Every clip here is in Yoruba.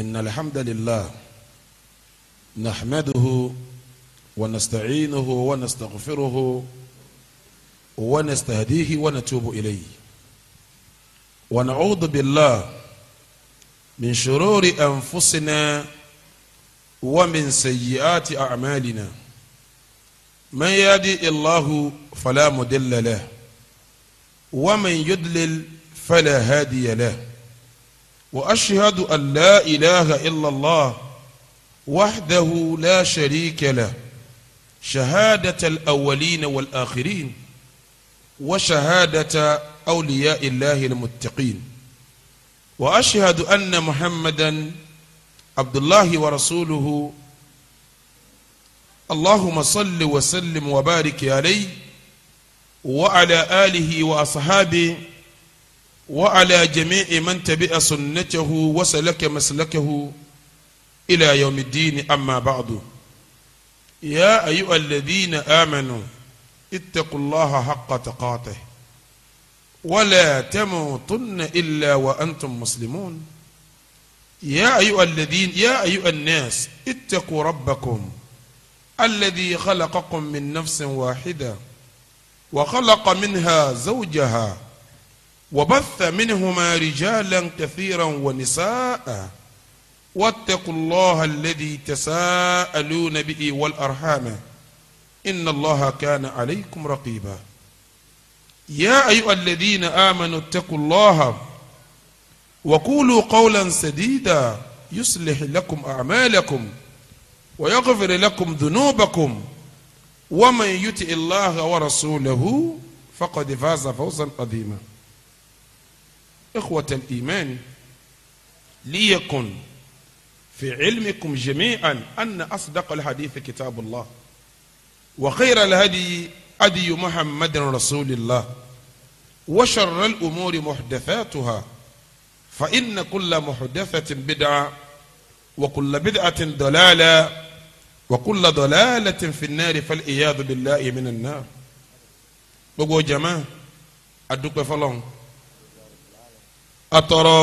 إن الحمد لله نحمده ونستعينه ونستغفره ونستهديه ونتوب إليه ونعوذ بالله من شرور أنفسنا ومن سيئات أعمالنا من يهدي الله فلا مضل له ومن يضلل فلا هادي له واشهد ان لا اله الا الله وحده لا شريك له شهاده الاولين والاخرين وشهاده اولياء الله المتقين واشهد ان محمدا عبد الله ورسوله اللهم صل وسلم وبارك عليه وعلى اله واصحابه وعلى جميع من تبع سنته وسلك مسلكه إلى يوم الدين أما بعد يا أيها الذين آمنوا اتقوا الله حق تقاته ولا تموتن إلا وأنتم مسلمون يا أيها الذين يا أيها الناس اتقوا ربكم الذي خلقكم من نفس واحدة وخلق منها زوجها وبث منهما رجالا كثيرا ونساء واتقوا الله الذي تساءلون به والأرحام إن الله كان عليكم رقيبا يا أيها الذين آمنوا اتقوا الله وقولوا قولا سديدا يصلح لكم أعمالكم ويغفر لكم ذنوبكم ومن يطع الله ورسوله فقد فاز فوزا عظيما إخوة الإيمان ليكن في علمكم جميعا أن أصدق الحديث كتاب الله وخير الهدي أدي محمد رسول الله وشر الأمور محدثاتها فإن كل محدثة بدعة وكل بدعة ضلالة وكل ضلالة في النار فالعياذ بالله من النار بقوا جماعة أدوك فلون atọrọ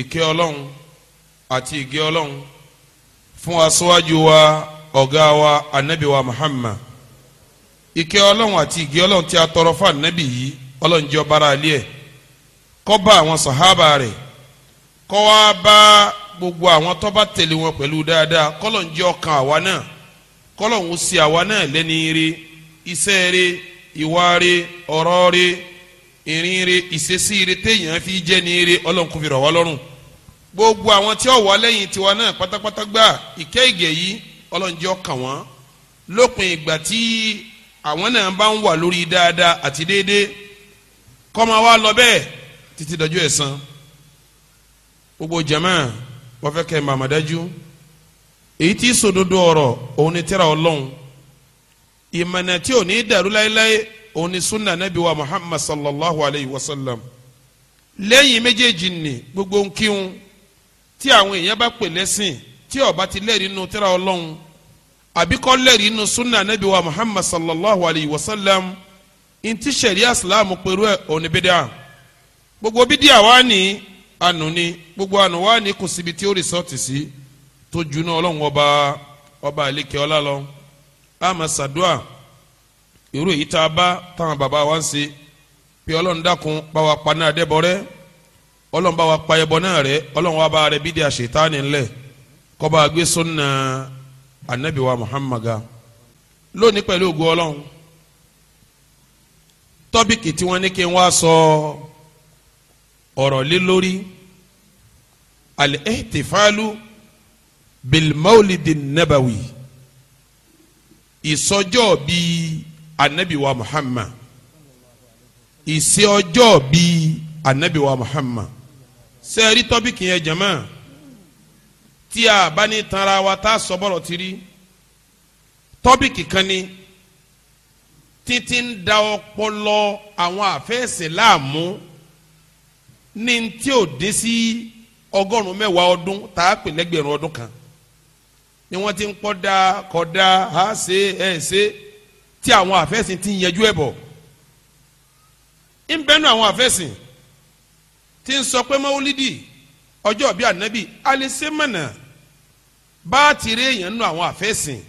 ike ọlọ́run àti ìgẹ́ ọlọ́run fún aṣáájú wa ọ̀gá wa anabi wa muhammad ike ọlọ́run àti ìgẹ́ ọlọ́run tí a fún anabi yìí ọlọ́run jẹ́ bara aráalé ẹ̀ àwọn sàhábà rẹ̀ kó wá gbogbo àwọn tó bá wọn pẹ̀lú dáadáa kọ́lọ́run jẹ́ ọkàn àwa náà kọ́lọ́run ó àwa náà lẹ́ni ire iṣẹ́ ire ìwà ire ọ̀rọ̀ ire. ìrìn re ìṣesí re téèyàn fi jẹ́ ní re ọlọ́run kò fi rọ̀ wá lọ́rùn gbogbo àwọn tí ó wà lẹ́yìn tiwa náà pátápátá gbà ìkẹ́ ìgẹ̀ yìí ọlọ́run jẹ́ ọkàn lópin ìgbà tí àwọn náà bá ń wà lórí dáadáa àti déédéé kọ́mọ wa lọ bẹ́ẹ̀ títí dọjọ́ ẹ̀san gbogbo jama wọ́n fẹ́ kẹ́ màmádájú èyí tí sòdodo ọ̀rọ̀ òun ni tẹ́ra ọlọ́run ìmọ̀nà tí ò ní dàrú láéláé òun ni sunna anabi wa muhammad sallallahu alayhi wa sallam lẹ́yìn méjèèjì ni gbogbo ń kírun tí àwọn èèyàn bá pè lẹ́sìn tí ó bá ti lẹ́rìí nu tírà ọlọ́run àbí kò lẹ́rìí nu sunna anabi wa muhammad sallallahu alayhi wa sallam ntí sẹ̀ríà islam pẹ̀lú ẹ̀ òní bídíà gbogbo bídíà wa ni gbogbo ànú wa kò síbi tí ó rìsọ́ọ̀tì sí tó juná ọlọ́run ọba ọba àlekè ọlá lọ àmà sàdúà. irú èyí tá a bá táwọn bàbá wa ń ṣe pé ọlọ́run dákun bá wa pa náà dẹ́bọ rẹ́ ọlọ́run bá wa pa ẹbọ náà rẹ́ ọlọ́run wa bá rẹ bídí àṣetánì ńlẹ̀ kó bá gbé sunna anabi wa lónìí pẹ̀lú ọlọ́run tọ́bìkì tí wọ́n ní kí n wá sọ ọ̀rọ̀ lé lórí anabi wa muhammad ìṣe ọjọ́ bíi anabi wa muhammad sẹ́ẹ̀rí tọ́pìkì yẹn jẹ̀mọ́ tí a bá ní tanra wa tá a sọ bọ́rọ̀ ti rí tọ́pìkì kan ni títí ń da ọpọlọ àwọn àfẹ́sẹ̀ láàmú ní tí ò dín sí ọgọ́rùn-ún mẹ́wàá ọdún tá a pè lẹ́gbẹ̀rún ọdún kan ni wọ́n ti ń pọ́ da kọ́ da a ṣe ẹ̀ ṣe. E, tí àwọn àfẹ́sìn ti yanjú ẹ̀ bọ̀ ń àwọn àfẹ́sìn ti ń sọ pé mọ́wúlídì ọjọ́ bíi ànábì alẹ́sẹ̀mọ̀nà bá àwọn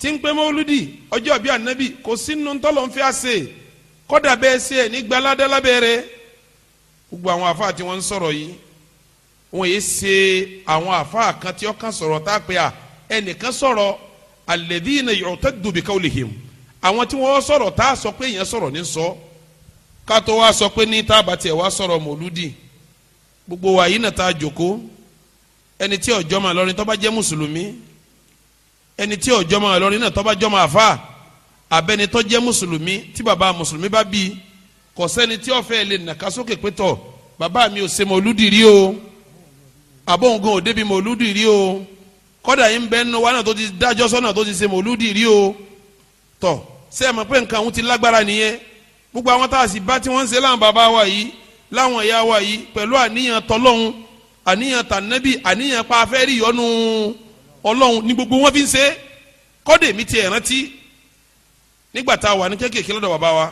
ti ń pé mọ́wúlídì ọjọ́ bíi ànábì kò sínú tọ́lọ̀ ń fi àṣẹ kọ́dà bẹ́ẹ̀ ṣe ẹ̀ nígbà gbogbo àwọn wọn ń sọ̀rọ̀ yìí yìí ṣe àwọn kan tí sọ̀rọ̀ tá a pè à àwọn tí wọ́n sọ̀rọ̀ tá a sọ pé èèyàn sọ̀rọ̀ ní sọ ká tó wá sọ pé ní tá a wá sọ̀rọ̀ mọ̀lúdì gbogbo wa yìí náà tá a jòkó ẹni tí ọjọ́ máa lọrin tó bá jẹ́ mùsùlùmí ẹni tí ọjọ́ máa lọrin náà tó bá jọ́ máa fà abẹ́ni tó jẹ́ mùsùlùmí tí bàbá mùsùlùmí bá bí kò sẹ́ni tí ọ̀fẹ́ lè nàka sókè pétọ̀ bàbá mi ò ṣe mọ̀lúdì rí o àbóǹgan ò débi mọ̀lúdì rí o kọ́dà yín bẹ́ẹ̀ nù wa náà tó ti dájọ́ sọ́nà tó ti ṣe mọ̀lúdì rí o tọ̀ ṣe é mọ̀ pé nǹkan òun ti lágbára nìyẹn gbogbo àwọn tá a sì bá tí wọ́n ń ṣe láwọn bàbá wa yìí láwọn ìyá wa yìí pẹ̀lú àníyàn tọlọ́hún àníyàn tànẹ́bì àníyàn pa afẹ́ rí ìyọnu ọlọ́hun ní gbogbo wọn fi ń ṣe kọ́dé mi ti rántí nígbà tá a wà ní kéékèèké lọ́dọ̀ bàbá wa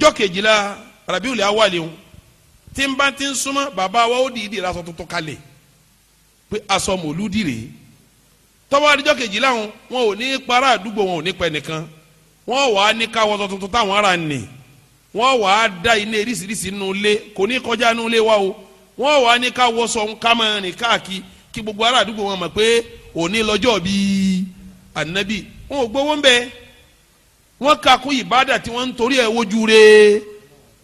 jọ́ kejìlá rabiul awali tí n bá ti ń súnmọ́ bàbá wa ó dìídì lásán tuntun kalẹ̀ pé aṣọ mòlúdì rèé tọ́wọ́ adijọ́ kejì láwọn wọn ò ní para àdúgbò wọn ò ní pẹ́ nìkan wọ́n wàá ní káwọ́ tuntun táwọn ara nì wọ́n wàá da iná eríṣiríṣi nù lé kò ní kọjá nù lé wa o wọ́n wàá ní káwọ́ sọ nǹka máa rìn káàkiri kí gbogbo ara àdúgbò wọn mọ̀ pé òní lọ́jọ́ bíi ànábì wọn ò gbowó ń bẹ wọn kà ìbádà tí wọn ń torí ẹ wojú re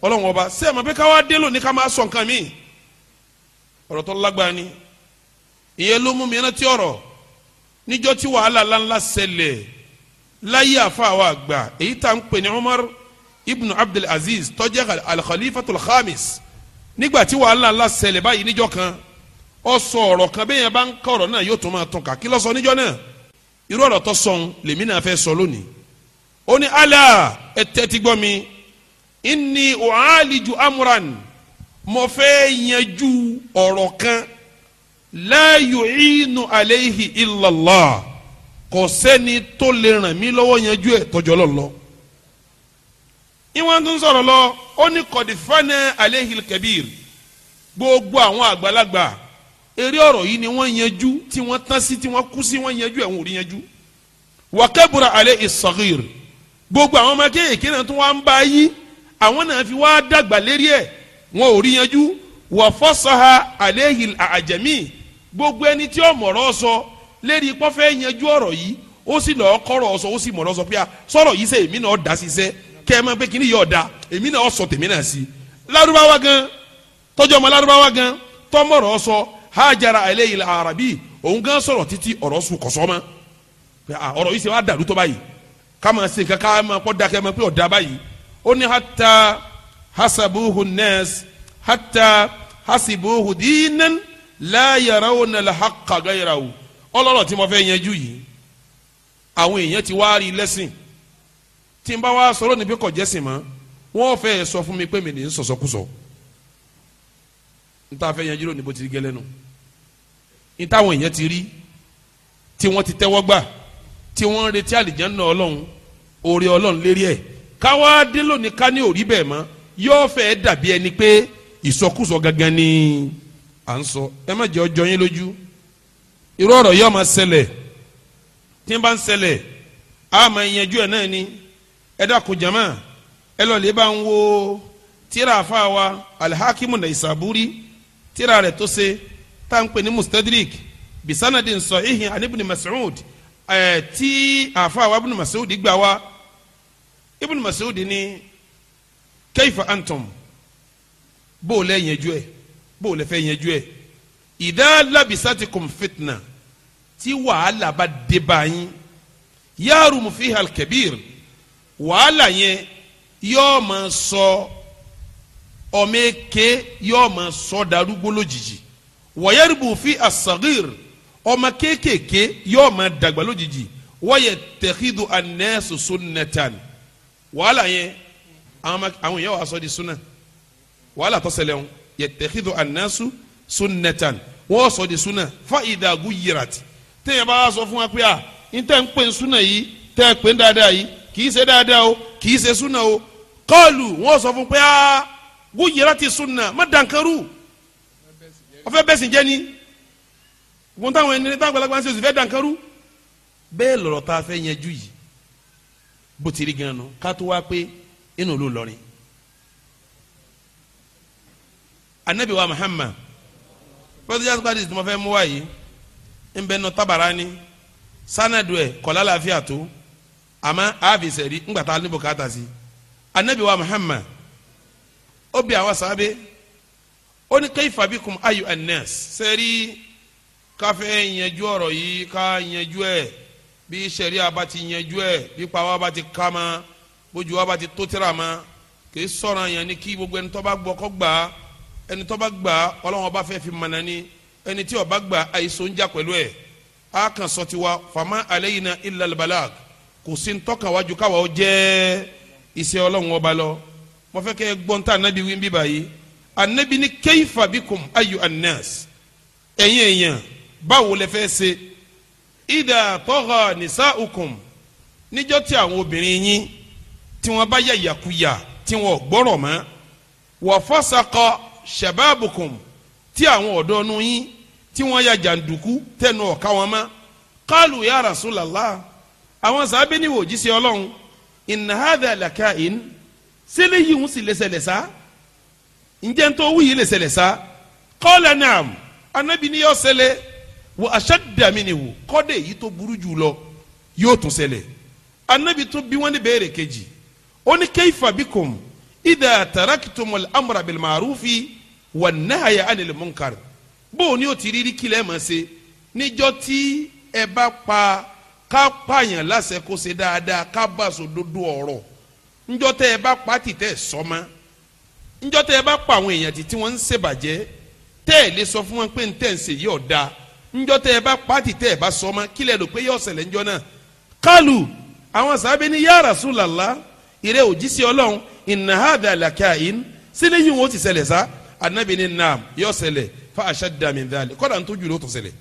ọlọ́run ọba sẹ́ẹ̀ mọ̀ pé káwá dé lónìí ká máa sọ nǹkan mi ọ̀rọ̀ tó lágbára ni ìyẹn ló mú mi rántí ọ̀rọ̀ níjọ́ tí wàhálà ńláńlá ṣẹlẹ̀ láyé àfàwà àgbà èyí tá ń pè ní Umar ibn Abdul Aziz tó jẹ́ al-Khalifatul Khamis nígbà tí wàhálà ńlá ṣẹlẹ̀ báyìí níjọ́ kan ó sọ ọ̀rọ̀ kan bẹ́ẹ̀ yẹn bá ń kọ́ ọ̀rọ̀ náà yóò tún máa tàn ká kí ló sọ níjọ́ náà irú ọ̀rọ̀ tó sọ̀n lèmi náà fẹ́ sọ lónìí ó ní Allah ẹ tẹ́tí gbọ́ mi inni u'aliju amran mo fẹ́ yanjú ọ̀rọ̀ kan la yu'inu alayhi illa Allah kò sẹ́ni tó lè ràn mí lọ́wọ́ yanjú ẹ̀ tọ́jọ́ lọ́lọ́ ìwọ́n tún sọ̀rọ̀ lọ ó ní kọ̀dífánà alayhi kabir gbogbo àwọn àgbàlagbà eré ọ̀rọ̀ yìí ni wọ́n yanjú tí wọ́n tán sí tí wọ́n kú sí wọ́n yanjú ẹ̀wọ̀n ò rí yanjú wàkẹ́bùrà alẹ́ ìsọ̀gìr gbogbo àwọn ọmọ kéèké náà tún wá ń gbogbo ẹni tí ó mọ̀rọ̀ sọ lérí pọ́ fẹ́ yanjú ọ̀rọ̀ yìí ó sì lọ́ọ́ kọ́rọ̀ sọ ó sì mọ̀rọ̀ sọ pé a ah, sọ̀rọ̀ yìí sẹ́ èmi náà dá sí sẹ́ kẹ́ ẹ máa pé kíní yóò da èmi náà sọ tèmi náà sí. lárúbáwá gan tọ́jú ọmọ lárúbáwá gan tọ́mọ̀rọ̀ sọ hajara eléyìí la arabi òun gan sọ̀rọ̀ títí ọ̀rọ̀ sùn kọ̀sọ́ ma ah, ọ̀rọ̀ yìí sẹ́ wàá dàrú tó báyìí ká máa ṣe nǹkan ká máa kọ́ da kẹ́ máa la yarawna al-haqqa ghayrahu ọlọ́rọ̀ tí mo fẹ́ yanjú yìí àwọn èèyàn ti wá rí lẹ́sìn tí n bá wá sọ̀rọ̀ ní pé kò jẹ́sìn mọ́ wọ́n fẹ́ sọ fún mi pé mi ní ń sọ̀sọ́kùsọ n ta fẹ́ yanjú lónìí bó ti rí gẹ́lẹ́ nu n táwọn èèyàn ti rí tí wọ́n ti tẹ́wọ́ gbà tí wọ́n retí àlìjánnà ọlọ́run oore ọlọ́run lérí ẹ̀ káwá dé lónìí ká ní òrí bẹ́ẹ̀ mọ́ yóò fẹ́ dàbí ẹni pé ìsọkúsọ gangan ni à ń sọ ẹ má jẹ́ ọjọ́ yín lójú irú ọ̀rọ̀ yóò máa ṣẹlẹ̀ tí n bá ń ṣẹlẹ̀ a máa yanjú ẹ̀ náà ni ẹ dákun jama ẹ lọ lè bá ń wo tíra àfa wa alihakimu naisaburi tíra rẹ̀ tó ṣe tá à ń pè ní mustadrik bisanadi nsọhihi anibini mas'ud ẹ tí àfa wa ibùn mas'ud gbà wá ibùn mas'ud ní kayfa antum bó o lẹ́ yanjú ẹ̀ bó o lè fẹ́ yanjú ẹ̀ ìdá labisatikum fitna tí wàhálà bá dé bá yín yaarum fihal kabir wàhálà yẹn yóò máa sọ ọmọ eke yóò máa sọ darúgbó lójijì wàyẹrìbù fi asagir ọmọ kéékèèké yóò máa dàgbà lójijì wáyẹ tẹkidu anẹsù sunnatan wàhálà yẹn àwọn èèyàn wà sọ di sunna wàhálà tó ṣẹlẹ̀ yẹtẹkidu anasu sunnetan wọ́n sọ di sunna fa ìdàgú yirati tẹ́yìn bá sọ fún wa pé a n tẹ́ ń pè ń sunna yìí tẹ́ ń pè dáadáa yìí kì ṣe dáadáa o kì í ṣe sunna o kọ́ọ̀lù wọ́n sọ fún pé a gú yirati sunna má dankaru ọfẹ́ bẹ́ẹ̀ sì jẹ́ ni gun táwọn ẹni táwọn gbalagbà ń ṣe oṣù fẹ́ dankaru bẹ́ẹ̀ lọ̀rọ̀ tá a fẹ́ yẹn ju yìí bó ti rí gan-an ká pé inú ló lọrin anabi wa muhammad protestant party tí mo fẹ́ mú wáyé ń bẹ nù tabarani sanadu ẹ kọlá làáfíà tó àmọ́ àfìsẹ̀rí ńgbà tá a níbo anabi wa muhammad Obi bí àwọn sábẹ́ ó ní kayfa bikum ayu annas sẹ́rí káfẹ́ yanjú ọ̀rọ̀ yìí ká yanjú ẹ̀ bí sẹ́ríà bá ti yanjú ẹ̀ bí pàwọ́ bá ti ká ma bójú wa ti tó tẹ́ra ma kì í sọ̀rọ̀ yẹn ni kí gbogbo ẹni tó bá gbọ́ kó gbà ẹni tó bá gbà Ọlọ́run bá fẹ́ fi mọ̀nà ni ẹni tí ó gbà àìsàn ń jà pẹ̀lú ẹ̀ a kan sọ tiwa fama aleyina illal balag kò sí ntọ́ka wájú káwa ó jẹ́ iṣẹ́ Ọlọ́run ọba lọ mo fẹ́ kẹ́ ẹ gbọ́n tá anabi wí bíbá yìí anabi ni kayfa bikum ayu annas ẹ̀yin èèyàn báwo lẹ fẹ́ ṣe ìdá tọ́gà nisaukum níjọ́ tí àwọn obìnrin yín tí wọ́n bá yà yàkuyà tí wọ́n gbọ́rọ̀ mọ́ wọ́n fọ́sàkọ́ shababukum tí àwọn ọ̀dọ́ nu yín tí wọ́n ya jàǹdùkú tẹnu ọ̀ka wọn mọ́ qalu ya rasulallah àwọn sábẹ́ ni wò jíṣẹ́ ọlọ́run in hadha lakain sílẹ̀ yìí ń sì lẹ́sẹ̀lẹ̀ sá ǹjẹ́ ń tó wú yìí lẹ́sẹ̀lẹ̀ sá qala naam anabi ni yóò ṣẹlẹ̀ wa ashadda minhu kọ́dé yìí tó burú jù lọ yóò tún ṣẹlẹ̀ anabi tún bí wọ́n ní béèrè kejì ó ní kayfa bikum idha taraktumul amra bil ma'rufi. wà anil munkar bó o o ti riri kila kílẹ̀ mọ̀ ṣe níjọ́ tí ẹ bá pa ká pààyàn láṣẹ kó ṣe dáadáa ká bá so dodo ọ̀rọ̀ níjọ́ tẹ́ ẹ bá pa ẹ bá pa àwọn èèyàn títí wọ́n ń ṣèbàjẹ́ tẹ́ ẹ lè sọ fún wọn pé ntẹ́ ń ṣe yìí ọ̀dà níjọ́ eba ẹ bá pa tìtẹ́ ẹ bá sọ́mọ́ kílẹ̀ ló pé náà kálù àwọn sábẹ́ ní ọlọ́run sílẹ̀ anabi ni naam yóò ṣẹlẹ̀ fa ashadda min dhalik kódà ntó julo tó ṣẹlẹ̀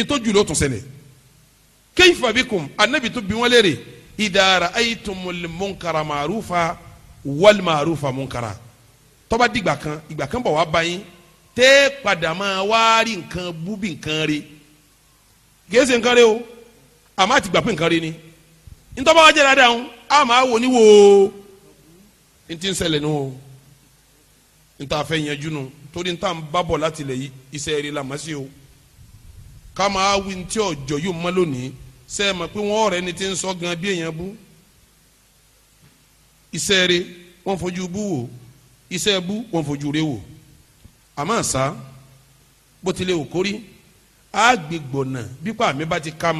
ntó jùlọ tó fa kayfa bikum anabi tó bi wọn léèrè idha ra'aytumul munkara ma'rufa wal ma'rufa munkara tó bá dìgbà kan ìgbà kan bọ̀ wá báyìí tẹ́ padà máa wá rí nǹkan búbi nǹkan rí gèsè nǹkan rí o àmọ́ àti gbà pé nǹkan rí ni ntọ́ bá wá jẹ́ dáadáa ń àmọ́ àwọ̀ ni wò ó ntí ń ṣẹlẹ̀ nù o níta fẹ́ yanjú nu torí níta ń bábọ̀ láti lè iṣẹ́ eré la màsí o ká máa wí ní tí ọjọ́ yóò mọ́ lónìí ṣe é mọ̀ pé wọ́n ọ̀rẹ́ ni ti ń sọ gan bí èèyàn bú iṣẹ́ eré wọ́n fojú bú wò iṣẹ́ bú wọ́n fojú rẹ wò àmọ́ àṣà bó tilẹ̀ ò kórí á bípa àmì bá ti ká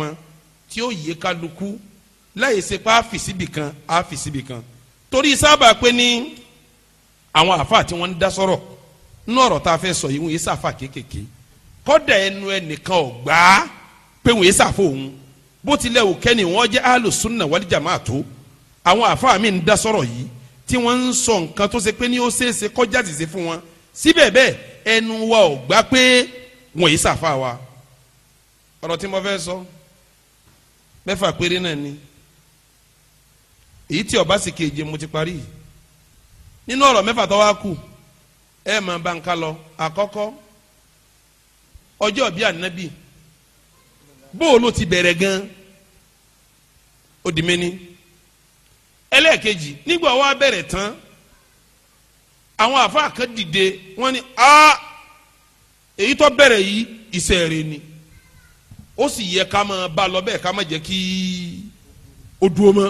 tí ó yẹ kálukú láì ṣe pé á fi síbì torí sábà pé ní àwọn àfa tí wọ́n ń dá sọ̀rọ̀ nínú ọ̀rọ̀ tá a fẹ́ sọ yìí wọ́n yìí sàfà kéékèèké kọ́dà ẹnu ẹnìkan ò gbà á pé wọ́n yìí sàfà òun bó tilẹ̀ wù kẹ́ni wọ́n jẹ́ alùsùnà wal jamaa tó àwọn àfa mi ń dá sọ̀rọ̀ yìí tí wọ́n ń sọ nǹkan tó ṣe pé ní ó ṣeéṣe kọjá ti fún wọn síbẹ̀ bẹ́ẹ̀ ẹnu wa ò gbà pé wọ́n yìí sàfà wa ọ̀rọ̀ tí mo fẹ́ sọ mẹ́fà péré náà ni èyí tí ọba sì mo ti parí yìí nínú ọ̀rọ̀ mẹ́fà tó wá kù ẹ máa bá ń ká lọ àkọ́kọ́ ọjọ́ bíi ànábì bóò ló ti bẹ̀rẹ̀ gan ó ẹlẹ́ẹ̀kejì nígbà wa bẹ̀rẹ̀ tán àwọn àfáà kan dìde wọ́n ní a èyí tó bẹ̀rẹ̀ yìí iṣẹ́ rẹ̀ ni ó sì yẹ ká máa bá lọ bẹ́ẹ̀ ká má jẹ́ kí ó dúró mọ́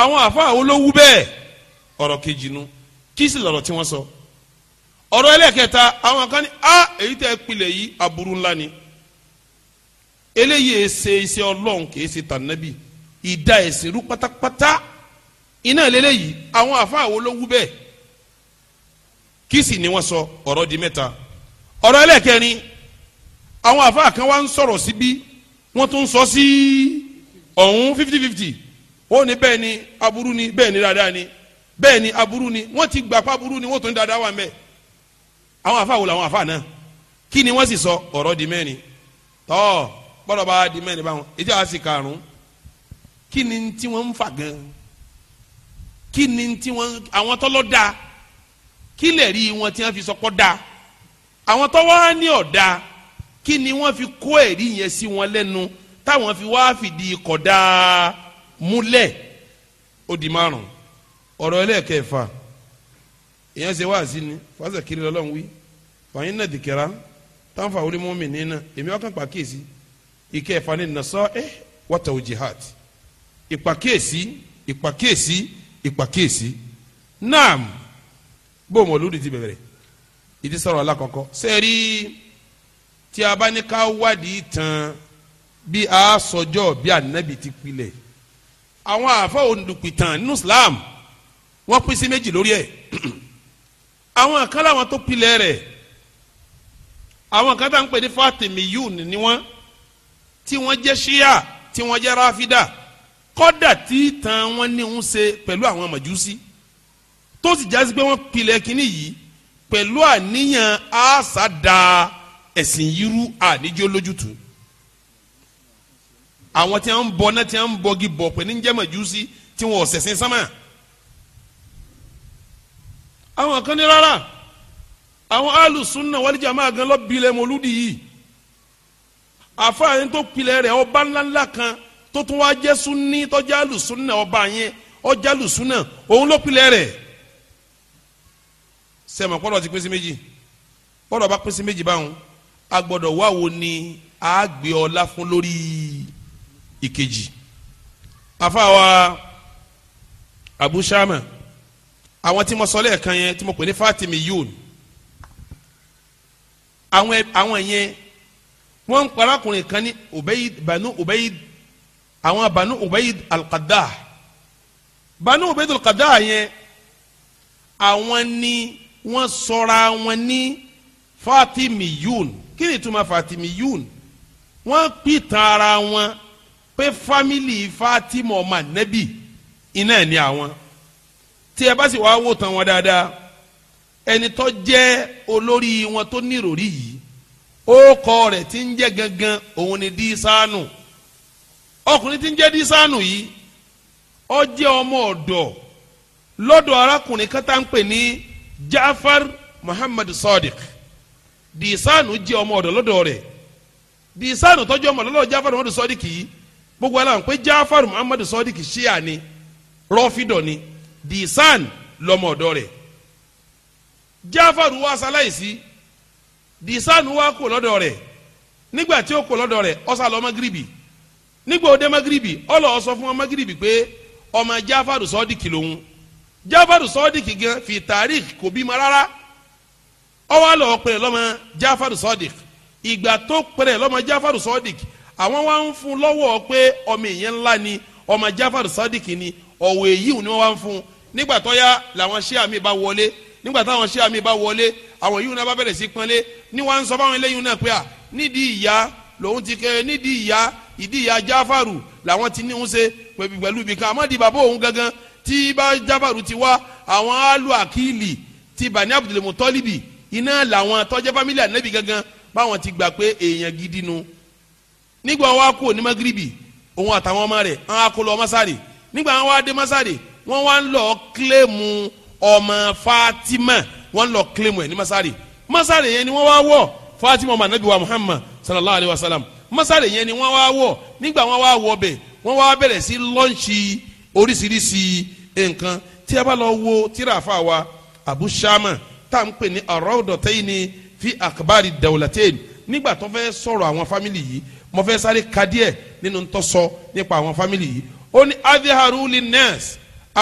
àwọn àfáà wo bẹ́ẹ̀ ọ̀rọ̀ kejì nu kí sì lọ̀rọ̀ tí wọ́n sọ ọ̀rọ̀ ẹlẹ́kẹta àwọn kan ní a èyí tẹ́ pilẹ̀ yìí aburú ńlá ni eléyìí èsè iṣẹ́ ọlọ́run kì í ṣe tànàbí ìdá ẹ̀sìn rú pátápátá iná lélẹ́yìí àwọn àfáà ló wú bẹ́ẹ̀ kí sì ni wọ́n sọ ọ̀rọ̀ di mẹ́ta ọ̀rọ̀ ẹlẹ́kẹrin àwọn àfáà kan wá ń sọ̀rọ̀ síbí wọ́n tún sọ sí ọ̀hún fifty fifty ó ní bẹ́ẹ̀ ni aburú ni bẹ́ẹ̀ ni dáadáa ni bẹ́ẹ̀ ni aburú ni wọ́n ti gbà pa aburú ni wọ́n tún dáadáa wà ń bẹ̀ àwọn afa wò làwọn afa náà kí ni wọ́n sì sọ ọ̀rọ̀ di mẹ́rin tọ́ gbọ́dọ̀ bá di mẹ́rin báwọn ètò àti karùn-ún kí ni tí wọ́n ń fà gan kí ni tí wọ́n àwọn tọ́lọ́ da kí lè rí wọn tí wọ́n fi sọpọ́ da àwọn tọ́wọ́ á ní ọ̀dà kí ni wọ́n fi kó ẹ̀rí yẹn sí wọn lẹ́nu táwọn fi wá fìdí kọ̀dá múlẹ̀ ó di márùn-ún ọ̀rọ̀ ẹlẹ́ẹ̀kẹfà ìyẹn ṣe wáàsí ni fásitì kiri lọ́lọ́run wí fàyín náà dìkẹ́ra táǹfà orí mọ́mì nínú èmi ọkàn pàkíyèsí ìkẹfà ni nasọ́ ẹ wọ́tà òjìhàt ìpàkíyèsí ìpàkíyèsí ìpàkíyèsí naam bó mọ̀lúdi ti bẹ̀rẹ̀ ìdí sọ̀rọ̀ alákọ̀ọ́kọ́ sẹ́ẹ̀rí tí a bá ní ká wádìí tán bí a sọjọ́ bí anabi ti pilẹ̀ àwọn àfa òǹdùpìtàn nínú Islam wọ́n pín sí méjì lórí ẹ̀ àwọn kan láwọn tó pilẹ̀ rẹ̀ àwọn kan tá à ń pè ní Fatimiyun ni wọ́n tí wọ́n jẹ́ ṣíà tí wọ́n jẹ́ ráfídà kọ́dà tí tan wọ́n ní ń ṣe pẹ̀lú àwọn màjúsí tó sì jásí pé wọ́n pilẹ̀ kínní yìí pẹ̀lú àníyàn àṣà da ẹ̀sìn yírú àníjó lójútùú àwọn tí wọ́n ń bọ náà tí wọ́n ń bọgi bọ̀ pẹ̀ ní jẹ́ màjúsí tí wọ́n ọ̀sẹ̀ sin sánmà àwọn kan ní rárá àwọn alùsùn náà wal jamaa gan lọ́bìlẹ̀ mọ́lúdì yìí àfààní tó pilẹ̀ rẹ̀ ọba ńláńlá kan tó tún wáá jẹ́ sunni tọ́jà alùsùn náà ọba yẹn ọjà alùsùn náà òun ló pilẹ̀ rẹ̀ sẹ́mi ọ̀pọ̀lọ̀ ti pín sí méjì bọ́dọ̀ bá pín sí méjì báwọn a wá wo ni a ọlá fún lórí ìkejì àfàwà Abu Shama àwọn tí mo sọ lẹ́ẹ̀kan yẹn tí mo pè ní fatimi yun àwọn àwọn yẹn wọ́n ń pa arákùnrin kan ní ubayid banu ubayid àwọn banu ubayid alqadah banu ubayid alqadah yẹn àwọn ni wọ́n sọra wọn ní fatimi yun kí ni ìtumọ̀ fatimi yun wọ́n pìtàn ara wọn pé fámìlì fatima ọmọ nẹ́bì iná ẹ̀ ní àwọn tí ẹ bá sì wá wò tán wọn dáadáa ẹni tó jẹ́ olórí wọn tó níròrí yìí ó kọ rẹ̀ tí ń jẹ́ gangan òun ni dísánù ọkùnrin tí ń jẹ́ dísánù yìí ó jẹ́ ọmọ ọ̀dọ̀ lọ́dọ̀ arákùnrin kátà ń pè ní Jafar Muhammad Sadiq dísánù jẹ́ ọmọ ọ̀dọ̀ lọ́dọ̀ rẹ̀ dísánù tó jẹ́ ọmọ ọ̀dọ̀ lọ́dọ̀ Jafar Muhammad Sadiq yìí gbogbo aláwọn pé Jafar Muhammad Sadiq ṣíà ni rọ́fídọ̀ ni disan lọmọ ọ̀dọ̀ rẹ̀ jáfàrú wa sáláìsí disan wa kò lọ́dọ̀ rẹ̀ nígbà tí ó kò lọ́dọ̀ rẹ̀ ọsà lọ magiribi nígbà ó dé magiribi ọlọ ọsọ fún wa magiribi pé ọmọ jáfàrú sọdíkì lòun jáfàrú sọdíkì gan fi tàrík kò bímọ rárá ọwọ àlọ pẹrẹ lọmọ jáfàrú sọdíkì ìgbà tó pẹrẹ lọmọ jáfàrú sọdíkì àwọn wa ń fún lọ́wọ́ pé ọmọ èèyàn ńlá ni ọmọ jáfàrú sọdíkì ni ọ̀wọ̀ èyí ni wọ́n wá ń fún nígbà tó yá làwọn ṣíà mi bá wọlé nígbà táwọn ṣíà mi bá wọlé àwọn yìí náà bá bẹ̀rẹ̀ sí pọ́nlé ní wọ́n á ń sọ fáwọn eléyìí náà pé à nídìí ìyá lòun ti kẹ́ nídìí ìyá ìdí ìyá jáfàrù làwọn ti ní òun ṣe pẹ̀lú ibìkan àmọ́ di bàbá òun gangan tí bá jáfàrù ti wá àwọn alu akili ti bani abdulmutalibi iná làwọn tọ́jẹ́ fámílì ànábì gangan báwọn ti gbà pé èèyàn gidi nu nígbà wọn wá kú ní magribi òun àtàwọn ọmọ rẹ̀ àwọn akọlọ ọmọ sáré nígbà wọn wá dé mọ́sáré wọ́n wá ń lọ kílèmù ọmọ Fatima wọ́n ń lọ kílèmù ẹ̀ ní masari masari yẹn ni wọ́n wá wọ̀ Fatima ọmọ anabi wa Muhammad sallallahu alayhi wa sallam masari yẹn ni wọ́n wá wọ̀ nígbà wọ́n wá wọ̀ bẹ̀ wọ́n wá bẹ̀rẹ̀ sí lọ́ǹṣì oríṣiríṣi nǹkan tí a bá lọ wo tíráfà wa Abu Shama tá à ń pè ní Ar-Rawdatayni fi akbari dawlatayn nígbà tó fẹ́ sọ̀rọ̀ àwọn fámìlì yìí mo fẹ́ sáré ka díẹ̀ nínú tó sọ nípa àwọn fámìlì yìí ó ní adhiharu linnas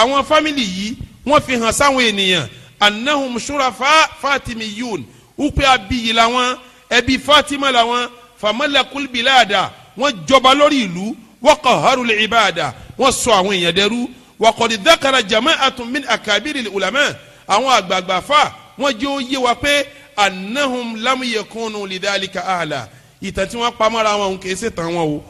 àwọn fámìlì yìí wọ́n fi hàn sáwọn ènìyàn annahum shurafa fatimiyun wípé abiyi làwọn ẹbí fatima làwọn famalakul bilada wọ́n jọba lórí ìlú wa qaharul ibada wọ́n sọ àwọn èèyàn dẹrú wa qad dhakara jama'atun min akabiril ulama àwọn àgbààgbà fa wọ́n jẹ́ ó yé wa pé annahum lam yakunu lidhalika ahla ìtàn tí wọ́n pamọ́ra wọn kì í ṣe tàn wọn o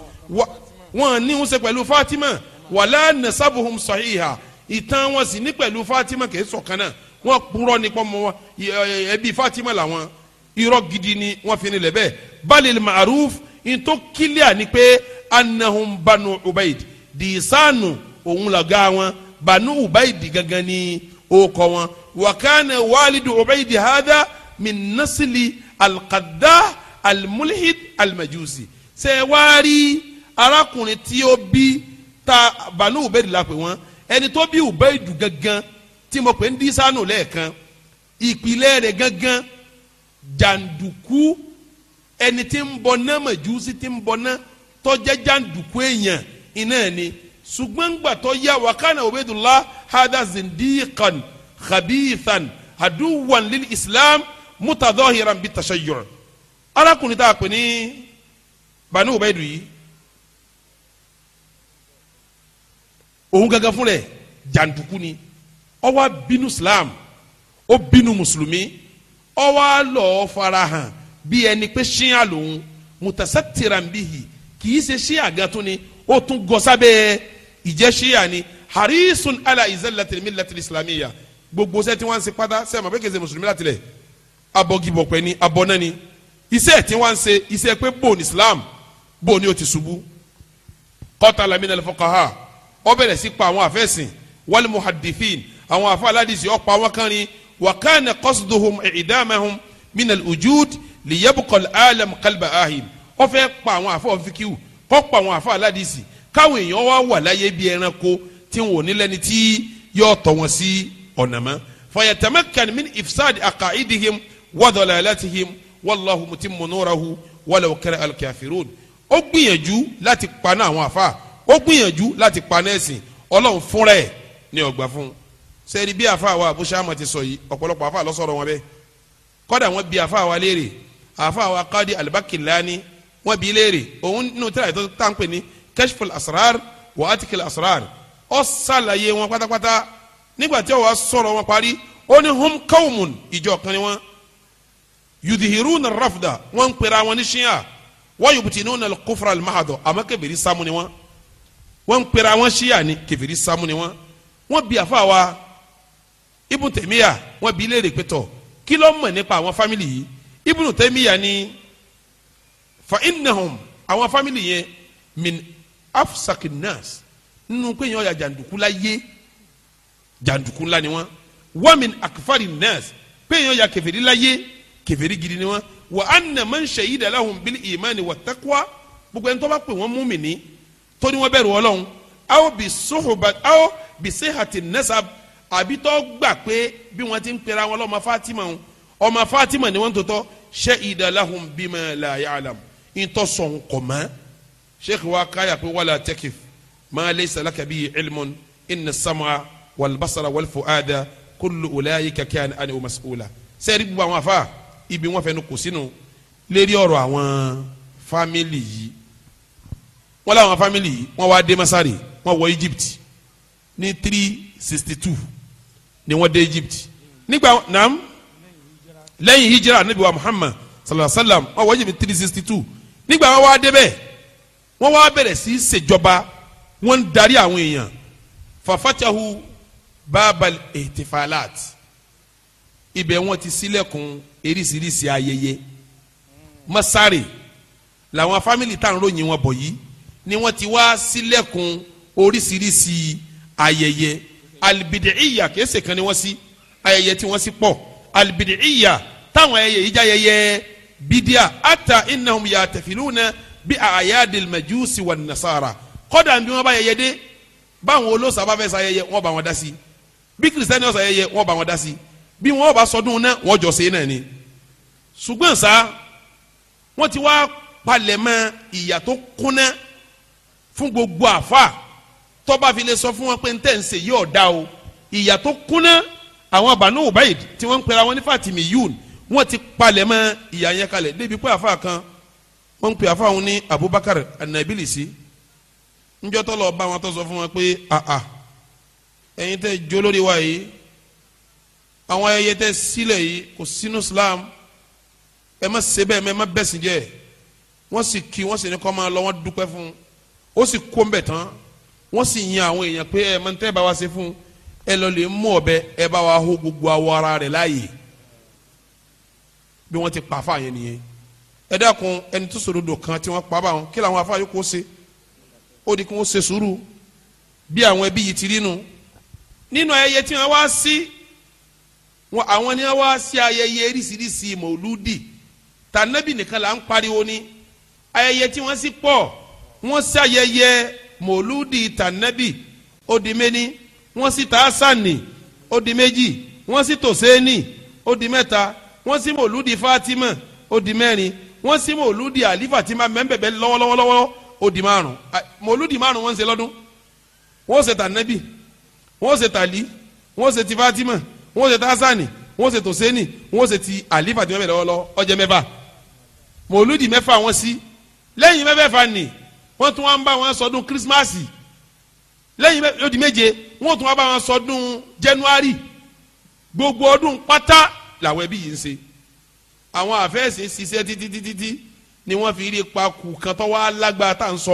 wọ́n ní í ṣe pẹ̀lú fatima wala nasabuhum sahiha ìtàn wọn sì ní pẹ̀lú Fatima kì í sọ̀kan náà wọn purọ́ nípa ọmọ wọn ẹbí Fatima làwọn irọ́ gidi ni wọ́n fi ni lẹ́bẹ̀ẹ́ balil ma'ruf ntọ́ kílíà ni pé anahum banu ubaid diisanu òun la ga wọn banu ubaid gangan ni okọ wọn wakana walidu ubaid hada min nasili alqadda almulhid almajusi sẹ wàá arákùnrin tí ó bí ta banu ubaid la pè wọn ẹni tó bí Ubaidu gangan tí mo pè ń dísánù lẹ́ẹ̀kan ìpìlẹ̀ rẹ̀ gangan jàǹdùkú ẹni tí ń bọ náà màjúsí tí ń bọ náà tọ́jẹ́ jàǹdùkú èèyàn iná ni ṣùgbọ́n gbà tó yá wakana Ubaidullah hada zindiqan khabithan aduwan lil islam mutadhahiran bit tashayyur arákùnrin tá a pè ní bani Ubaidu yìí òun gangan fún rẹ̀ jàǹdùkú ni ó wá bínú islam ó bínú mùsùlùmí ó wá lọ farahàn bí ẹni pé ṣíà lòun mutasatiran bihi kì í ṣe ṣíà gan tún ni ó tún gọ sábẹ́ ìjẹ́ ṣíà ni harisun ala izalatil millatil islamiyya gbogbo sẹ́ẹ̀ tí wọ́n ń ṣe pátá sẹ́ẹ̀ mọ̀ pé kì í ṣe mùsùlùmí láti lẹ̀ abọ́gibọ̀pẹ̀ ni abọ́ná ni iṣẹ́ tí wọ́n ń ṣe iṣẹ́ pé bò ní islam bò ní o ti ṣubú qatala minal fuqaha ó bẹ̀rẹ̀ sí pa àwọn àfẹ́sìn wal muhaddithin àwọn àfa aládìsí ó pa àwọn kan rin wa kana qasduhum i'damahum min al-wujud liyabqa al-alam qalba ahim ó fẹ́ pa àwọn àfa òfikiw kó pa àwọn àfa aládìsí káwọn èèyàn wá wà láyé bí ẹranko tí wọn ò ní lẹ́ni tí yóò tọ́ wọn sí ọ̀nà mọ́ fayatamakkan min ifsad aqaidihim wa dhalalatihim wallahu mutimmu nurahu walaw ó gbìyànjú láti paná àwọn àfa ó gbìyànjú láti pa nẹ́ẹ̀sìn ọlọ́run fúnra ẹ̀ ní ọgbà fún sẹ́ni bí àfa wa àbúṣe àmọ̀ ti sọ yìí ọ̀pọ̀lọpọ̀ àfa lọ wọn bẹ́ẹ̀ kọ́dà wọn bi àfa wa léèrè àfa wa kadi albakilani wọn bi léèrè òun nínú tíra ètò táǹpẹ̀ ní kashful asrar wa atikil asrar ó sàlàyé wọn pátápátá nígbà tí wàá sọ̀rọ̀ wọn parí ó ní hum kaumun ìjọ kan ni wọn yudhiru na rafda wọn ń pera wọn ní ṣíyà wọn yòbùtì ní wọn nà kófra mahadọ àmọ́ kébìrì sámú ni wọn wọ́n ń pera wọn ṣíyà ni kẹfìrí sámú ni wọ́n wọ́n bi àfa wa Ibn Taymiyyah wọ́n bi léèrè pé tọ̀ kí ló mọ̀ nípa àwọn fámìlì yìí Ibn Taymiyyah ni fa innahum àwọn fámìlì yẹn min afsakin nas nínú pé yẹn ọ̀yà jàǹdùkú la yé jàǹdùkú la ni wọ́n wa min akfari nas pé yẹn ọ̀yà kẹfìrí la yé kẹfìrí gidi ni wọ́n wa anna man shahida lahum bil imani wa taqwa gbogbo ẹni tó bá pè wọ́n mùmínì tó ní wọ́n bẹ̀rù ọlọ́run aw bi suhubat aw bi sehati nasab àbí tó gbà pé bí wọ́n ti ń pera wọn lọ́mọ Fatima wọn ọmọ Fatima ni wọ́n tó tọ́ shahida lahum bima la ya'lam ìtọ́sọ̀n kọ̀mọ́ sheikh wa káyà pé wala takif ma laysa laka bihi ilmun inna sam'a wal basara wal fu'ada kullu ulaika kana anhu mas'ula sẹ́ẹ̀rì gbogbo àwọn afa ibi wọn fẹ́ nu kò sínú lérí ọ̀rọ̀ àwọn fámìlì yìí wọ́n láwọn family, yìí wọ́n wá dé masari wọ́n wọ Egypt ní three sixty two ni wọ́n dé Egypt nígbà nam lẹ́yìn hijira anabi wa Muhammad sallallahu alaihi wa sallam wọ́n wọ Egypt three sixty two nígbà wọ́n wá débẹ̀ wọ́n wá bẹ̀rẹ̀ sí ṣèjọba wọ́n ń darí àwọn èèyàn fàfàtàhù bábàl ètìfàlát ibẹ̀ wọ́n ti ṣílẹ̀kùn eríṣiríṣi ayẹyẹ masari làwọn fámìlì tá à ń ròyìn wọn bọ̀ yìí ni wọ́n ti wá sílẹ̀kùn oríṣiríṣi ayẹyẹ albidiya kèsè kan ni wọ́n sí ayẹyẹ tí wọ́n sí pọ̀ albidiya táwọn ayẹyẹ yìí jáyẹyẹ bidia ata ya yatafiluna bi ayadil majusi wa nasara kọ́dà bí wọ́n bá yẹyẹ dé báwọn olóòsà bá fẹ́ sa ayẹyẹ wọ́n bá wọn dá sí bí kristiani ọ̀sà ayẹyẹ wọ́n bá wọn dá sí bí wọ́n bá sọdún náà wọ́n jọ sí náà ni ṣùgbọ́n sá wọ́n ti wá palẹ̀mọ́ ìyà tó kúnná fún gbogbo àfa tó bá fi lè sọ fún wọn pé ntẹ̀ ń ṣe yí o ìyà tó kúnná àwọn àbánú ubaid tí wọ́n ń pera wọn ní fatimi yun wọ́n ti palẹ̀ mọ́ ìyà yẹn kalẹ̀ débi pé àfa kan wọ́n ń pè àfa wọn ní abubakar anabilisi njọ́ tó lọ bá wọn tó sọ fún wọn pé àà ẹ̀yin tẹ́ jó lórí wa yìí àwọn ẹyẹ tẹ́ sílẹ̀ yìí kò sínú islam ẹ má ṣe bẹ́ẹ̀ mẹ́ ẹ má bẹ́sìn jẹ́ wọ́n sì kí wọ́n sì ní kọ́ máa lọ wọ́n dúpẹ́ fún un ó sì kó ń bẹ̀ tán wọ́n sì yan àwọn èèyàn pé ẹ mọ̀ ní tẹ́ bá wa ṣe fún ẹ lọ lè mú ọ̀bẹ ẹ bá wa hó gbogbo awọ ara rẹ̀ láàyè bí wọ́n ti pa afa yẹn nìyẹn ẹ dákun ẹni tó sọ̀rọ̀ dò kan tí wọ́n pa báwọn kí làwọn afa yóò kó ṣe ó di kí wọ́n ṣe sùúrù bí àwọn ẹbí yìí ti rí nínú ayẹyẹ tí wọ́n wá sí wọn àwọn ni wọ́n wá sí ayẹyẹ eríṣiríṣi mọ̀lúdì tànàbì nìkan là ń pariwo ni ayẹyẹ tí wọ́n sì pọ̀ wọ́n ṣayẹyẹ mòlúdi tànẹ́bì ó di méní wọ́n sì tàásánì ó di wọ́n sì tòsénì ó wọ́n sì mòlúdi fatima ó di mẹ́rin wọ́n sì mòlúdi àlífà tí máa mẹ́ńbẹ̀bẹ̀ lọ́wọ́lọ́wọ́ ó di márùn mòlúdi márùn wọ́n ń ṣe lọ́dún wọ́n ṣe tànẹ́bì wọ́n ṣe tàlí wọ́n ṣe ti fatima wọ́n ṣe tàásánì wọ́n ṣe tòsénì wọ́n ṣe ti àlífà tí máa mẹ́bẹ̀ lọ́wọ́lọ́wọ́ ó wọ́n tún wá ń bá wọn sọdún kírísímàsì lẹ́yìn odi méje wọ́n tún wá bá wọn sọdún january gbogbo ọdún pátá làwọn ẹbí yìí ń ṣe àwọn àfẹ́sìn ṣiṣẹ́ títítítí ni wọ́n fi rí pakù kan tó wá lágbára tá à ń sọ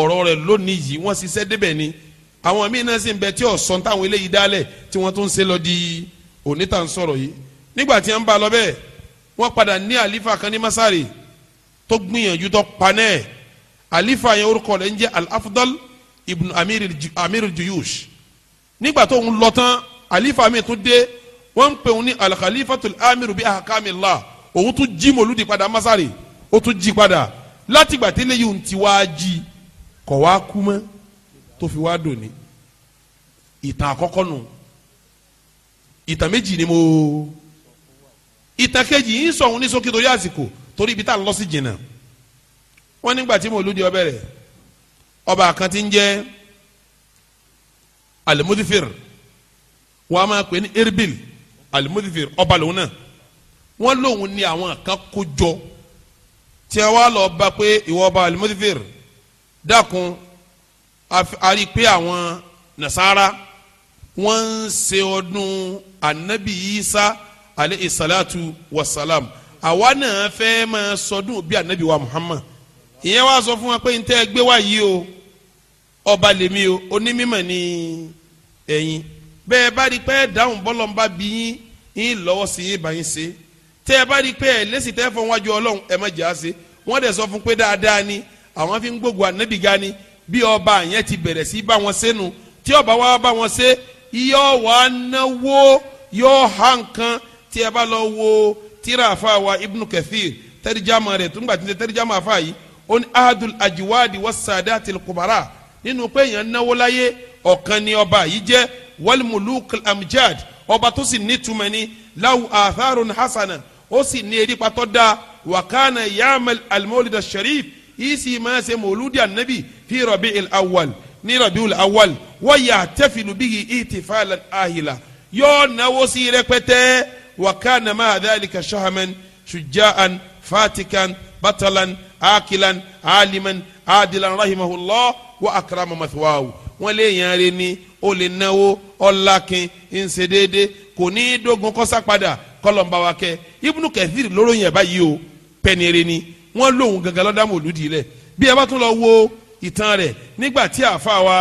ọ̀rọ̀ rẹ̀ lónìí yìí wọ́n ṣiṣẹ́ débẹ̀ ni àwọn míín náà sì ń bẹ tí ọ̀sán táwọn eléyìí dálẹ̀ tí wọ́n tún ń ṣe lọ di òní tá à ń sọ̀rọ̀ yìí nígbà tí wọ́n ń bá lọ bẹ́ẹ̀ wọ́n padà ní àlífà kan ní masari tó gbìyànjú tó panẹ́ẹ̀ alifa yẹn orúkọ rẹ̀ ń jẹ́ al-afdal ibn amir juyush nígbà tó ń lọ tán alifa mi tún dé wọ́n ń pè ní al-khalifatul amiru bi ahkamillah òun tún jí mòlúdi padà masari ó tún jí padà látìgbà tí eléyìí ń ti wá jí kọ̀ wá kú mọ́ tó fi wá dòní ìtàn àkọ́kọ́ nù ìtàn méjì ni mo ìtàn kejì yìí sọ̀hún ní sókè torí àsìkò torí ibi tá a lọ sí jìnnà wọ́n nígbà tí mòlúdi ó bẹ̀rẹ̀ ọba kan tí ń jẹ́ alimudifir wọ́n a máa pè ní erbil alimudifir ọba lòun náà wọ́n lòun ni àwọn kan kó jọ tí a wá lọ bá pé ìwọ ọba alimudifir dákun a pé àwọn nasara wọ́n ń ṣe ọdún anabi isa aleyhi salatu wa salam àwa náà fẹ́ máa sọdún bí anabi wa muhammad ìyẹn wàá sọ fún wa pé ntẹ́ gbé wá yìí o ọba lèmi o onímọ̀ ni ẹ̀yin bẹ́ẹ̀ bá rí pé dáhùn bọ́lọ̀ ń bá bí yín yín lọ́wọ́ sí yín bá yín ṣe tẹ́ ẹ bá rí pé ẹ lẹ́sìn tẹ́ fọ́n wájú ọlọ́run ẹ má jà á ṣe wọ́n dẹ̀ sọ fún pé dáadáa ni àwọn fi ń gbógun ànábì ga ni bí ọba yẹn ti bẹ̀rẹ̀ sí bá wọn ṣe nu tí ọba wa bá wọn ṣe yóò wá náwó yóò há nǹkan tí ẹ bá lọ wo tíra àfa wa Ibn Kathir tẹ́rìjàmà rẹ̀ tó ń gbà tí ń àfa yìí ó ní ahadul ajiwadi sadati kubara nínú pé èèyàn náwó láyé ọ̀kan ni ọba yìí jẹ́ walmuluk amjad ọba tó sì nítumọ̀ ni lahu atharun hasana ó sì ní erípa tó dáa wakana yamal almolida sharif isi sì ṣe mòlúdi anabi fi rabi il awal ní rabi il awal wáyà tẹ́fìlú bíi ìtìfàlà ahìlà yóò náwó sí rẹpẹtẹ wakana ma dhalika shahaman shujaan fatikan batalan. akilan aliman adilan رحمه الله akrama مثواه، wọn lè yàn rẹ ni ó lè náwó ọlákin ńṣedéédé kò ní í dógun kọ́sá padà kọlọ̀ǹba wa kẹ́ ibùnú kẹfìrì lóró yẹn báyìí o pẹ̀nìrì ni wọ́n lòun gangan lọ́dàmú olùdí rẹ̀ bí ẹ bá tún lọ wo ìtàn rẹ̀ nígbà tí àáfà wa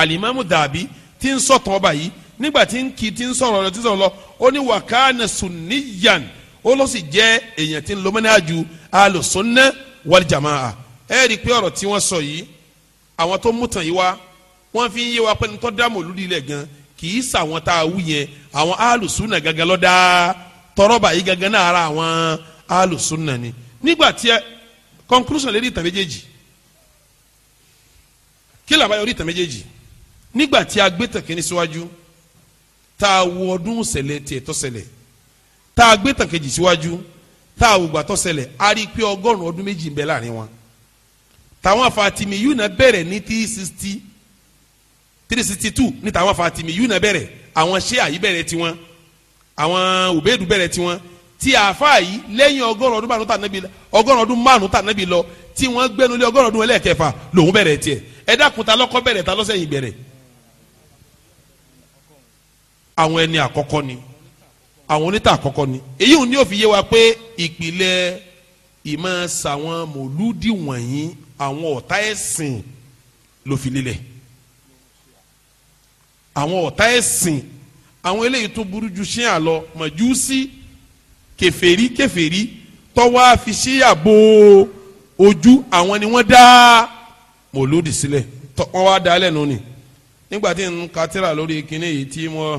alimamu dàbí ti ń sọ̀tàn ọba yìí nígbà tí ń kì ti ń sọ̀rọ̀ lọ ti sọ̀rọ̀ lọ ó ní wàkánà sùnìyàn ó ló sì jẹ́ èèyàn tí ń lo mẹ́nájú alùsùnà wàlìjàmá ẹ rí i pé ọ̀rọ̀ tí àwọn tó mú tàn yìí wá fi ń wa pé ní tó dá mòlúdi lẹ̀ gan kì í sàwọn tá a wú yẹn àwọn alùsùnà gangan lọ́dá tọrọba yìí gangan náà ara àwọn alùsùnà ni nígbà conclusion lérí ìtàn méjèèjì kí làbá yọrí ìtàn méjèèjì nígbà ta a gbé tẹ̀kíní síwájú tá a gbé tàn kejì síwájú tá a wùgbà tó ṣẹlẹ̀ a rí i pé ọgọ́rùn-ún ọdún méjì ń bẹ láàrin wọn tàwọn Fatimi yìí na bẹ̀rẹ̀ ní three sixty three sixty two ní tàwọn Fatimi yìí na bẹ̀rẹ̀ àwọn ṣéà yìí bẹ̀rẹ̀ tiwọn àwọn òbẹ́ẹ̀dù bẹ̀rẹ̀ tiwọn tí àáfàá yìí lẹ́yìn ọgọ́rùn ọdún márùn tànàbí ọgọ́rùn ọdún márùn tànàbí lọ tí wọ́n gbẹ́nu lé ọgọ́rùn ọdún ẹlẹ́ẹ̀kẹfà lòún bẹ̀rẹ̀ tiẹ̀ ẹ ni àwọn onítà àkọ́kọ́ ni èyí ò ní òfin yé wa pé ìpìlẹ̀ ìmọ̀ sàwọn mòlúdì wọ̀nyí àwọn ọ̀tá ẹ̀sìn ló fi lélẹ̀ àwọn ọ̀tá ẹ̀sìn àwọn eléyìí tó burú ju ṣíà lọ màjúsí kèfèrí kèfèrí tọ́wọ́ àfi bo ojú àwọn ni wọ́n dá mòlúdì sílẹ̀ tọ́ wọ́n wá dá lẹ́nu ni nígbà tí n ka lórí kinní yìí tí wọ́n.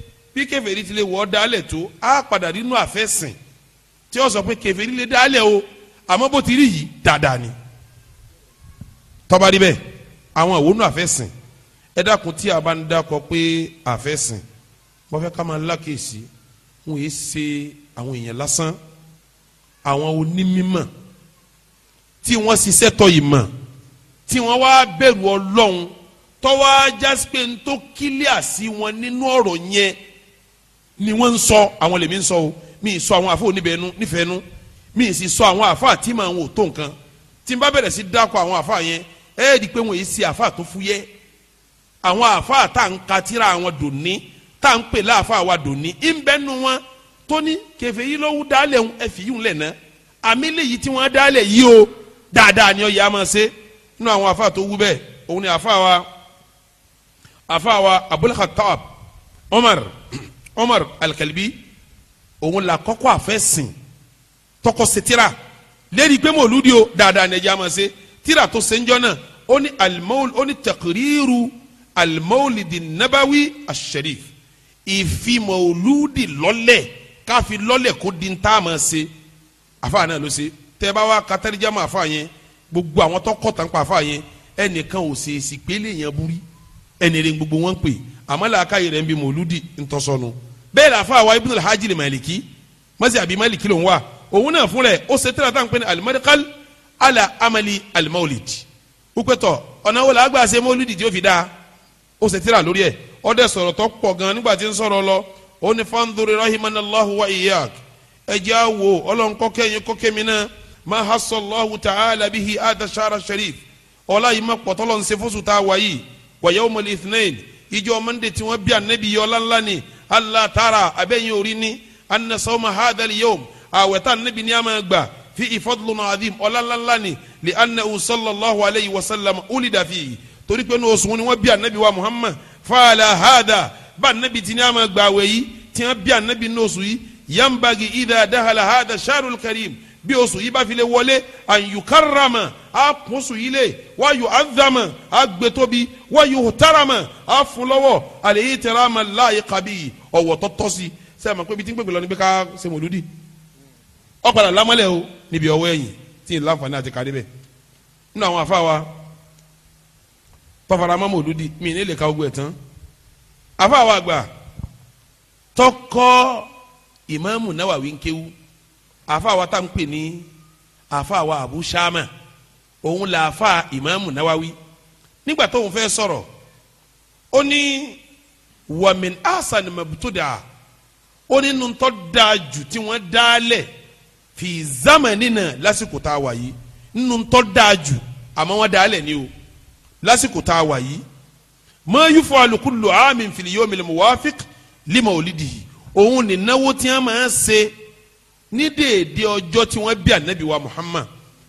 bí kèfèrí ti lè wọ́ dálẹ̀ tó á padà nínú àfẹ́sìn tí ó sọ pé kèfèrí lè dálẹ̀ o àmọ́ bó ti rí yìí dáadáa ni tọ́ba níbẹ̀ àwọn ìwónú àfẹ́sìn ẹ dákun tí a bá ń dákọ pé àfẹ́sìn wọ́n fẹ́ ká máa lákèsí wọ́n yé ṣe àwọn èèyàn lásán àwọn onímọ̀ tí wọ́n ṣiṣẹ́ tọ́ ìmọ̀ tí wọ́n wá bẹ̀rù ọlọ́run tọ́wọ́ ajásí pé ń tó kílíà sí wọn nínú ọ̀rọ̀ yẹn ni wọ́n sọ àwọn lèmi sọ o mi ì sọ àwọn àfọ oníbẹ̀ẹ́nu nífẹ̀ẹ́nu mi ì sì sọ àwọn àfọ àti màá wọn ò tó nǹkan tí n bá bẹ̀rẹ̀ sí dákọ̀ àwọn àfọ yẹn ẹ ẹ́ di pé wọ́n yìí ṣe àfọ àtó fúyẹ́ àwọn àfọ àtà ń katira àwọn dòní tá à ń pè láàfọ àwa dòní ń bẹ́nu wọn tóní kẹfẹ́ yìí lówó dálẹ̀ ń ẹ yìí ń lẹ̀ náà àmì léyìí tí wọ́n dálẹ̀ yìí o dáadáa ni ọ̀yà máa ṣe nínú àwọn àfọ àtó wú bẹ́ẹ̀ òun ni àfọ àwa àfọ àwa Abul Omar Umar Al-Kalbi òun la kọ́kọ́ àfẹ́sìn tọkọ ṣe tírà lérí pé mòlúdi o dáadáa ní ẹja máa ṣe tírà tó ṣe ń jọ náà ó ní alimawul ó ní taqriru alimawulidi nabawi asherif ìfimọ̀lúdi lọ́lẹ̀ káfi lọ́lẹ̀ kó di ntá máa ṣe àfáà náà ló ṣe tẹ́ bá wá katarijá máa fà yẹn gbogbo àwọn tọkọ tán pa fà yẹn ò ṣèṣì pélé yẹn burú ẹnìrè gbogbo wọn pè é àmàlàkà yìí rẹ̀ ń bi mòlúdì ntọ́sọ́nu bẹ́ẹ̀ làfa àwa ibùdó alhaji lè màlìkí mọ́sí àbí màlìkí ló ń wà òun náà fúnra ẹ̀ ó ṣe tẹ́lẹ̀ tá à ala amali alimawulid ukpẹ́tọ̀ ọ̀nà wo la gbà ṣe mọ́lúdì tí ó fi dáa ó ṣe tẹ́lẹ̀ lórí ẹ̀ ọ̀dẹ sọ̀rọ̀ tó pọ̀ gan nígbà tí ń sọ̀rọ̀ lọ ó ní fandori rahimanallahu wa iyak ẹjẹ́ àwò ọlọ́nkọ́kẹ́ yín kọ́kẹ́ mi náà ma hasallahu ta'ala bihi adashara sharif ọlá yìí má pọ̀tọ́lọ́ ń ṣe fóṣù tá a wáyé ithnain ìjọ mọ́ndé tí wọ́n bí anabi yìí ọlá ńlá ni allah taara abẹ́yìn orí ni anasawma hadal yom àwẹ̀ tá anabi ní a máa gbà fi ìfọdùlù náà adìm ọlá ńlá ńlá ni li anahu sallallahu alayhi wa sallam ulida fi torí pé ní oṣù ni wọ́n bí anabi wa muhammad faala hada bá anabi tí ní a máa gbà àwẹ̀ yìí tí bí anabi ní oṣù yìí yambagi idha dahala hada sharul karim bí oṣù yìí bá fi lè wọlé àyùkárama á kúnṣù yìí lè wáyù ádámà á gbé tóbi wáyù tárama á fún lọ́wọ́ àlèyé tẹ̀ráma láàyè kábí ọ̀wọ̀ tọ́tọ́ sí sẹ́yìn àmọ́ pé ibi tí ń pèpè lọ ni pé ká ṣe mòlúdì ọ̀padà lámọ́lẹ̀ o níbi ọwọ́ ẹ̀yìn tí ìlú àǹfààní àti kàdé bẹ̀ nínú àwọn àfa wa pàfàràmọ́ mòlúdì mi ní lè ka ogun tán àfa wa àgbà tọkọ ìmáàmù Nawawi ń kéwú àfàwà tá n pè ní àfàwà Abu Shama òun là àfà Imam Nawawi nígbà tóun fẹ́ sọ̀rọ̀ ó ní wàmín asan mabtuda ó ní nùtọ́ dáa jù tí wọ́n dá lẹ̀ fi zamani náà lásìkò tá a wà yìí nùtọ́ dáa jù àmọ́ wọ́n dá lẹ̀ ni o lásìkò tá a wà yìí ma yufalu kullu amin fil yawmil muwafiq lima olidi òun ní náwó tí wọ́n máa ń ṣe ní déédéé ọjọ́ tí wọ́n bí anabi wa muhammad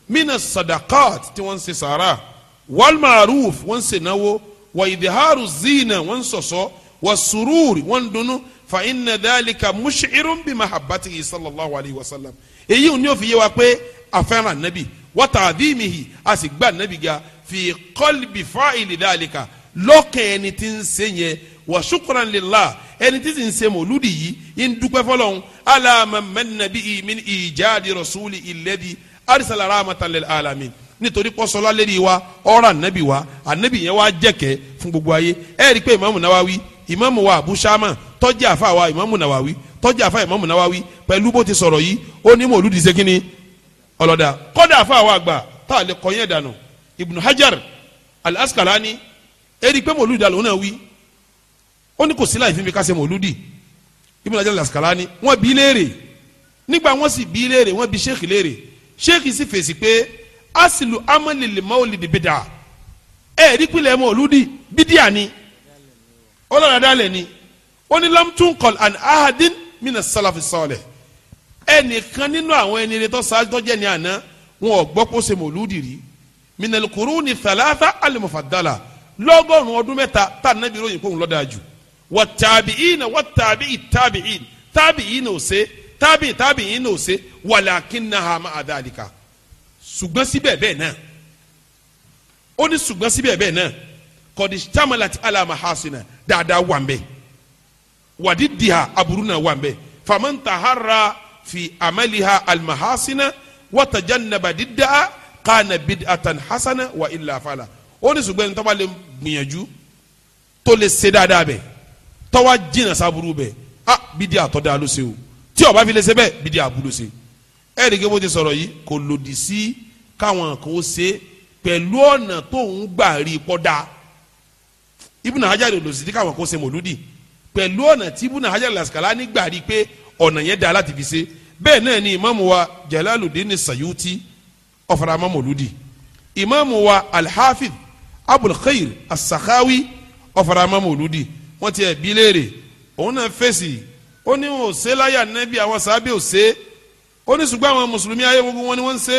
mina sadaqat tí wọ́n ń ṣe sàrà wal ma'ruf wọ́n ń ṣe náwó wa idharu zina wọ́n ń ṣọ̀ṣọ́ wa sururi wọ́n ń dunnú fa inna dhalika mush'irun bi mahabbatihi sallallahu alayhi wa sallam èyí ò ní òfin yé wa pé afẹ́ràn anabi wa ta'dhimihi a sì gbà anabi ga fi qalbi fa'ili dhalika lọ́kàn ẹni tí ń ṣe yẹn wa shukran lillah ẹni tí sì ń ṣe mọ̀lúdì yìí ń dúpẹ́ fọlọ́n ala man manna bihi min ijadi rasuli illadhi arsala rahmatan lil alamin nítorí pọ́sọ́lá lérí wa ọ̀rọ̀ ànábì wa ànábì yẹn wá jẹ̀kẹ́ fún gbogbo ayé ẹ rí i pé ìmáàmù Nawawi ìmáàmù wa Abu Shama tọ́jú àfa wa ìmáàmù Nawawi tọ́jú àfa ìmáàmù Nawawawi pẹ̀lú bó ti sọ̀rọ̀ yìí ó ní mòlúdi sekini ọlọ́dà kọ́dà àfa wa àgbà tá a lè kọ́ yẹn dànù Ibn Hajar Al-Asqalani ẹ rí i pé mòlúdi àlọ́ náà ó ní kò sí láì fi mi ká ṣe mọ̀lúdì Ibn Hajar al-Asqalani wọ́n bi léèrè nígbà wọ́n sì bi léèrè wọ́n bi sheikh léèrè sheikh sì fèsì pé asilu amalili maulidi bida ẹ rí pilẹ̀ mọ̀lúdì bídíà ni ọlọ́run adálẹ̀ ni ó ní lamtun kọ́l an ahadin mina salafi salih ẹnìkan nínú àwọn ẹni rẹ tó ṣáájú tó jẹ́ ní àná wọn ò gbọ́ kó ṣe mọ̀lúdì rí minal kuruni thalatha al-mufaddala lọ́gọ́rùn-ún ọdún mẹ́ta tá a nàbí ròyìn kóhun lọ́dà jù wọ tàbíìn wọ tàbíì tàbíìn tàbíìn ò ṣe tàbíì tàbíìn ò ṣe wàlàkínnáhà máa dhalika ṣùgbọ́n síbẹ̀ bẹ́ẹ̀ náà ó ní ṣùgbọ́n síbẹ̀ bẹ́ẹ̀ náà kọ́ni tamalati alama hasina dáadáa wà ń bẹ wàdí diha aburú náà wà ń bẹ famanta hara fi amaliha almahasina watajannaba diddaa kana bid'atan hasana wa illa ó ní ṣùgbọ́n tọ́ba lè gbìyànjú tó lè ṣe dáadáa bẹ́ẹ̀ tọ́wá jìnnà sábúrú bẹ́ẹ̀ ah bídí àtọ́dá ló ṣe o tí ọba fi lè ṣe bẹ́ẹ̀ bídí àbúrò ṣe ẹ ẹ̀rí kébó ti sọ̀rọ̀ yìí kò lòdì sí káwọn kan ó ṣe pẹ̀lú ọ̀nà tó ń gbà rí kọ́dá Ibn Hajar lòdì sí káwọn kan ó ṣe mọ̀lúdì pẹ̀lú ọ̀nà tí Ibn Hajar làṣkàlà nígbà rí pé ọ̀nà yẹn dáa láti fi ṣe bẹ́ẹ̀ náà ni ìmáàmù wa Jalaluddin Sayuti ọ̀faramọ́ mọ̀lúdì ìmáàmù wa Al-Hafidh Abul As-Sakhawi ọ̀faramọ́ mọ̀lúdì wọ́n ti ẹ̀ bí léèrè òun náà fèsì ó ní wọn ò ṣe láyà nẹ́bí àwọn sábẹ́ ò ṣe ó ní ṣùgbọ́n àwọn mùsùlùmí ayé gbogbo wọn ni wọ́n ń ṣe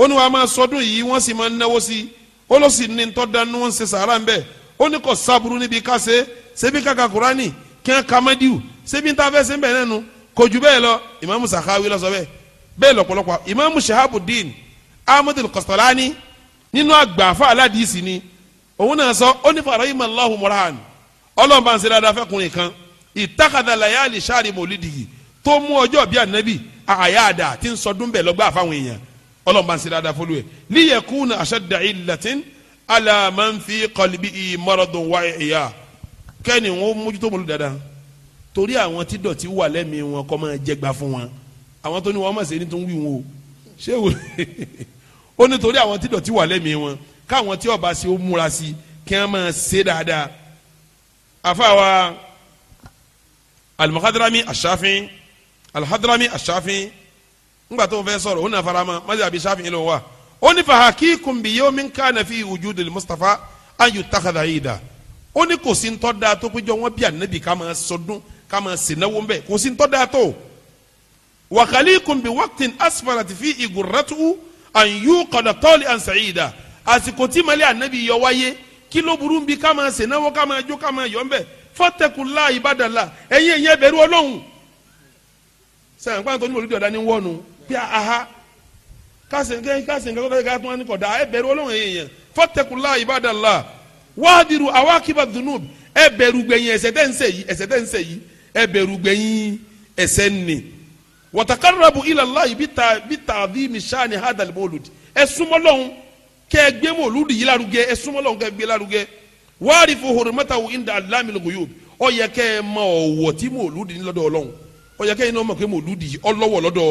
ó ní wọn a máa sọdún yìí wọ́n sì máa ń náwó sí i ó ló sì ní tọ́ dánú wọn ń ṣe sàárà ń bẹ̀ ó ní kò sábúrú níbi ká ṣe ṣebí kàkà kúránì kí wọn ka mádìú ṣebí ń ta fẹ́ ṣe ń bẹ̀ nẹ́nu kò bẹ́ẹ̀ lọ ìmáàmù sàkáwí lọ bẹ́ẹ̀ lọ́pọ̀lọpọ̀ ìmáàmù shahabuddin ahmadu kọ̀sọ̀lání nínú àgbà fáwọn ni òun náà sọ ó ní fàrọ̀ yìí mọ̀ lọ́hùn mọ́ra hàn ọlọ́run bá ń ṣe dáadáa fẹ́kùnrin kan ìtàkàdà làyàlì sáré mòlídìí tó mú ọjọ́ bíi ànábì àyàdà tí ń sọdún bẹ̀ lọ́gbà fáwọn èèyàn ọlọ́run bá ń ṣe dáadáa fọlú ẹ̀ liyakuna ashadda illatin ala man fi qalbi maradun wa ìyá kẹ́ni wọn mójútó mọ́lú dáadáa torí àwọn tí dọ̀tí wà lẹ́mìí wọn kọ́ máa jẹgba fún wọn àwọn tó ní wọn má ṣe ní tó ń wí wọn o ṣé wò ó nítorí afaawa alimahadarami asafin alihadarami asafin ngba tó fẹ́ sọ̀rọ̀ o na farama mazi abi safin ilé wa ó ní fahaki kunbi yóò min ká nafi wujudul mustapha an yu takada yi da ó ní kò sí ntọ́ da tó péjọ wọn bí anabi ká máa sọdún ká máa sènáwó ń kò sí ntọ́ da tó wakali kunbi wakitin asfarati fi igurratu an yu kọdọ tọ́li an sa'ida àsìkò tí mali anabi yọ wáyé kí ló burú bí ká máa ṣe náwó ká máa jó ká máa yọ̀ ń bẹ̀ fọ́tẹ̀kùlá ìbàdàlà ẹ̀yin ẹ̀yin ẹ̀bẹ̀rù ọlọ́run sẹ́yìn pàtó ní olùdíọ̀dá ní wọ́nu bí aha kásìnkẹ́ kásìnkẹ́ kọ́tà ká tún wá ní kọ̀dá ẹ̀bẹ̀rù ọlọ́run ẹ̀yin yẹn fọ́tẹ̀kùlá ìbàdàlà wádìrú awákìbà dùnúb ẹ̀bẹ̀rù gbẹ̀yìn ẹ̀ṣẹ̀ tẹ́ ń ṣe yìí ẹ̀ṣẹ̀ tẹ́ ń ṣe yìí ẹ̀bẹ̀rù gbẹ̀yìn ẹ̀ṣẹ̀ ni wọ́tàkàrọ̀bù ilàlá yìí bí tàbí mi sáà ní hádàlì mọ́lùdì ẹ̀ súnmọ́ lọ́hùn kẹ́ ẹ gbé mọ̀lúdì yìí lárugẹ ẹ súnmọ́ lọ́hùn kẹ́ ẹ gbé lárugẹ wáàrí fún horimatawo inda alamil guyub ó yẹ kẹ́ ẹ mọ ọ̀wọ̀ tí mọ̀lúdì ní lọ́dọ̀ ọlọ́run ó yẹ kẹ́ ẹ náà mọ̀ pé mọ̀lúdì ọlọ́wọ̀ lọ́dọ̀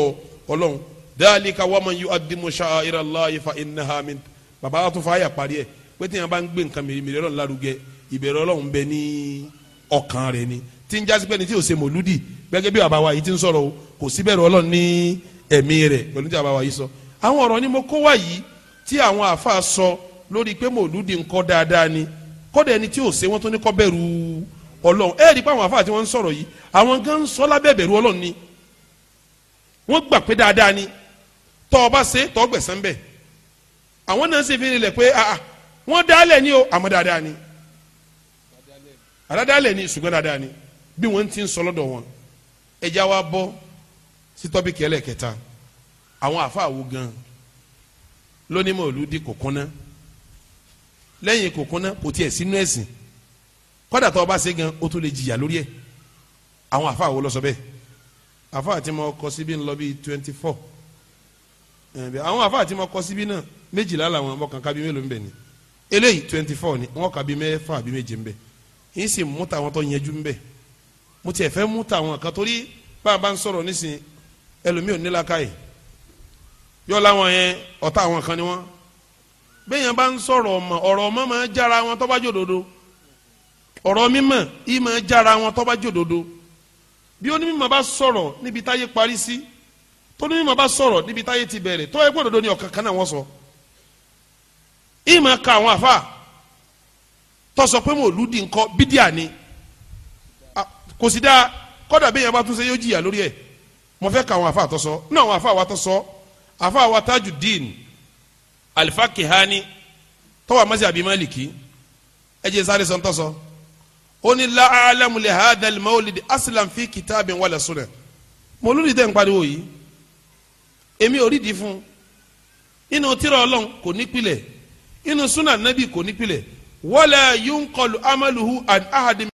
ọlọ́run dhalika waman yu'addimu sha'ira Allahi fa innaha min baba tó fa àyà parí ẹ pé tí yẹn bá ń gbé nǹkan mèremère ọlọ́run lárugẹ ìbẹ̀rẹ̀ ọlọ́run bẹ ní ọkàn rẹ ni tí ń jásí pé ní tí ò ṣe mọ̀lúdì gẹ́gẹ́ bí baba wa yìí ti ń sọ̀rọ̀ o kò síbẹ̀rẹ̀ ọlọ́run ní ẹ̀mí rẹ̀ pẹ̀lú tí baba wa yìí sọ àwọn ọ̀rọ̀ ni mo kó wá yìí tí àwọn àáfàá sọ lórí pé mòlúdi ńkọ́ dáadáa ni kọ́dà ẹni tí ò ṣe wọ́n tó ní kọ́ bẹ̀rù ọlọ́run ẹ rí i pé àwọn àáfàá tí wọ́n ń sọ̀rọ̀ yìí àwọn gan ń sọ lábẹ́ bẹ̀rù ọlọ́run ni wọ́n gbà pé dáadáa ni tọ́ ọ bá ṣe tọ́ gbẹ̀sán bẹ̀ àwọn náà ṣe fi rinlẹ̀ pé àà wọ́n dálẹ̀ ni o àmọ́ dáadáa ni àdádálẹ̀ ni ṣùgbọ́n dáadáa ni bí wọ́n ti ń sọ lọ́dọ̀ wọn ẹja wa bọ́ sí tọ́pìkì ẹlẹ́kẹta àwọn àáfàá wo gan-an lóní mọ̀lúdì kò kúnná lẹ́yìn kò kúnná kò tiẹ̀ sínú ẹ̀sìn kọ́dà tó o bá ṣe gan o tún lè jìyà lórí ẹ̀ àwọn àfa wo lọ sọ bẹ́ẹ̀ àfa àti mo kọ síbi ń bíi twenty four àwọn àfa àti mo kọ síbi náà méjìlá làwọn ọmọ kan kábí mélòó ń bẹ ni eléyìí twenty four ni wọn kàbí mẹ́fà àbí méje ń bẹ yìí sì mú tàwọn tó yẹjú ń bẹ mo tiẹ̀ fẹ́ mú tàwọn kan torí bá a bá ń sọ̀rọ̀ nísìnyí ẹlòmíì ò nílá káyìí yọlá wọn yẹn ọ̀tá àwọn kan ni wọn bẹ́ẹ̀yàn bá ń sọ̀rọ̀ ọmọ ọ̀rọ̀ ọmọ máa jára wọn tó bá jòdodo ọ̀rọ̀ mímọ̀ yìí máa jára wọn tó bá jòdodo bí onímọ̀ bá sọ̀rọ̀ níbi táyé parí sí tó bá sọ̀rọ̀ níbi táyé ti bẹ̀rẹ̀ tó ẹgbẹ́ òdodo ni ọ̀kan kan náà wọ́n sọ yìí máa ka àwọn àfa tó sọ pé mòlúdi ńkọ́ bídíà ni kò sí dáa kọ́dà bẹ́ẹ̀yàn bá tún ṣe yóò jìyà lórí ẹ̀ mo fẹ́ ka àwọn àfa tó náà àwọn àfa wa tó afa wa Tajuddin Al-Fakihani tọwọ amasi abi maliki ẹ sáré sọntọsọ ó ní la alamu li hadha al-mawlid aslan fi kitabin wala sunnah mọlúdi tẹ n pariwo yìí èmi ò rí di fún inú tírà Ọlọ́run kò ní pilẹ̀ inú sunna nabi kò ní pilẹ̀ wala yunqalu amaluhu an ahadi